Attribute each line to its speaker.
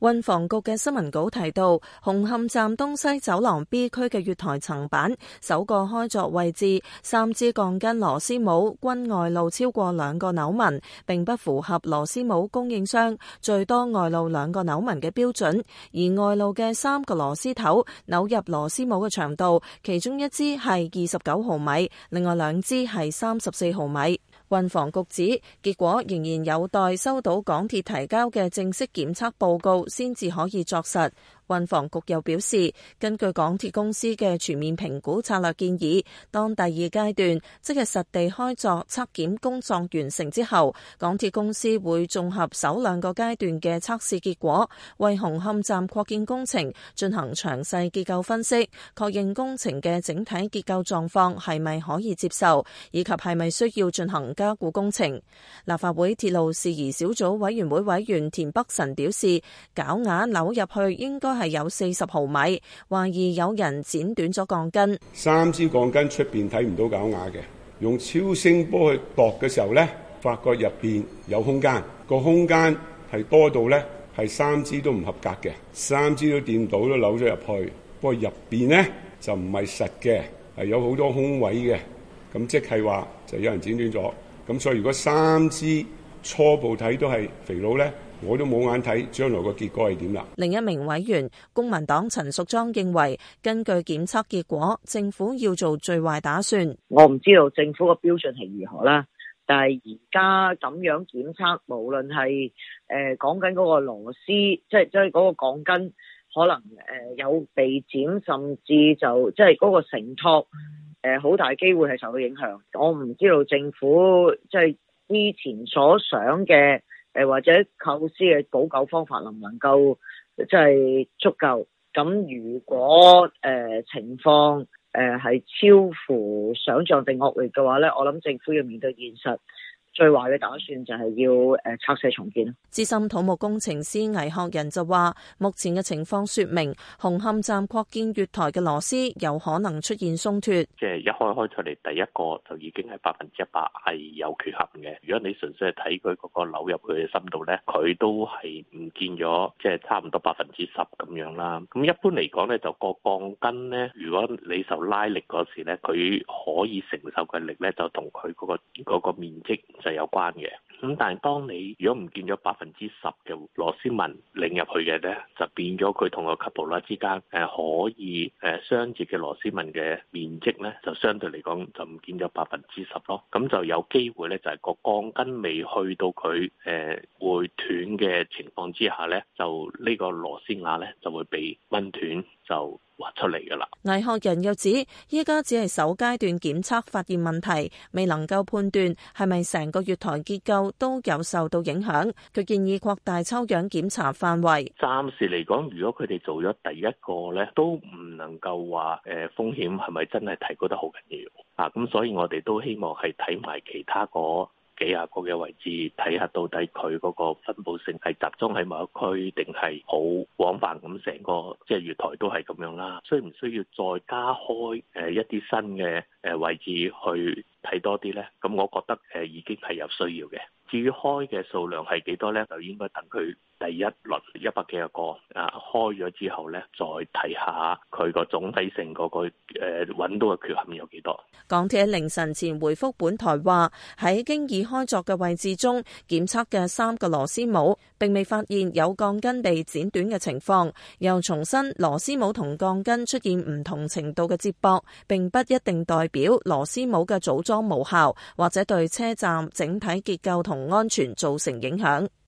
Speaker 1: 運房局嘅新聞稿提到，紅磡站東西走廊 B 區嘅月台層板首個開鑿位置，三支鋼筋螺絲帽均外露超過兩個扭紋，並不符合螺絲帽供應商最多外露兩個扭紋嘅標準。而外露嘅三個螺絲頭扭入螺絲帽嘅長度，其中一支係二十九毫米，另外兩支係三十四毫米。運房局指，結果仍然有待收到港鐵提交嘅正式檢測報告，先至可以作實。運房局又表示，根據港鐵公司嘅全面評估策略建議，當第二階段即係實地開作測檢工作完成之後，港鐵公司會綜合首兩個階段嘅測試結果，為紅磡站擴建工程進行詳細結構分析，確認工程嘅整體結構狀況係咪可以接受，以及係咪需要進行加固工程。立法會鐵路事宜小組委員會委員田北辰表示，絞牙扭入去應該。係有四十毫米，懷疑有人剪短咗鋼筋。
Speaker 2: 三支鋼筋出邊睇唔到絞牙嘅，用超聲波去度嘅時候呢，發覺入邊有空間，個空間係多到呢，係三支都唔合格嘅，三支都掂到都扭咗入去，不過入邊呢，就唔係實嘅，係有好多空位嘅，咁即係話就有人剪短咗，咁所以如果三支初步睇都係肥佬呢。我都冇眼睇將來個結果係點啦。
Speaker 1: 另一名委員，公民黨陳淑莊認為，根據檢測結果，政府要做最壞打算。
Speaker 3: 我唔知道政府個標準係如何啦，但係而家咁樣檢測無論係誒講緊嗰個螺絲，即係即係嗰個鋼筋，可能誒有被剪，甚至就即係嗰個承托誒好、呃、大機會係受到影響，我唔知道政府即係之前所想嘅。誒或者構思嘅補救方法能唔能夠即係、就是、足夠？咁如果誒、呃、情況誒係、呃、超乎想像定惡劣嘅話咧，我諗政府要面對現實。最壞嘅打算就係要誒拆卸重建。
Speaker 1: 資深土木工程師魏學仁就話，目前嘅情況說明，紅磡站擴建月台嘅螺絲有可能出現鬆脫。
Speaker 2: 即係一開開出嚟，第一個就已經係百分之一百係有缺陷嘅。如果你純粹係睇佢嗰個扭入佢嘅深度咧，佢都係唔見咗，即係差唔多百分之十咁樣啦。咁一般嚟講咧，就個鋼筋咧，如果你受拉力嗰時咧，佢可以承受嘅力咧，那個，就同佢嗰個個面積。係有關嘅，咁但係當你如果唔見咗百分之十嘅螺絲紋擰入去嘅咧，就變咗佢同個 coupler 啦之間，誒可以誒相接嘅螺絲紋嘅面積咧，就相對嚟講就唔見咗百分之十咯，咁就有機會咧就係個鋼筋未去到佢誒會斷嘅情況之下咧，就呢個螺絲瓦咧就會被屈斷就。挖出嚟㗎喇！
Speaker 1: 危學人又指，依家只係首階段檢測發現問題，未能夠判斷係咪成個月台結構都有受到影響。佢建議擴大抽樣檢查範圍。
Speaker 2: 暫時嚟講，如果佢哋做咗第一個咧，都唔能夠話誒風險係咪真係提高得好緊要啊？咁所以我哋都希望係睇埋其他個，幾廿個嘅位置睇下，看看到底佢嗰個分布性係集中喺某一個區，定係好廣泛咁成個即係月台都係咁樣啦。需唔需要再加開誒一啲新嘅誒位置去睇多啲呢？咁我覺得誒已經係有需要嘅。至於開嘅數量係幾多呢？就應該等佢。第一輪一百幾個啊，開咗之後呢，再睇下佢個總體性嗰個誒揾到嘅缺陷有幾多？
Speaker 1: 港鐵凌晨前回覆本台話，喺經已開作嘅位置中檢測嘅三個螺絲帽並未發現有鋼筋被剪短嘅情況，又重申螺絲帽同鋼筋出現唔同程度嘅接駁，並不一定代表螺絲帽嘅組裝無效或者對車站整體結構同安全造成影響。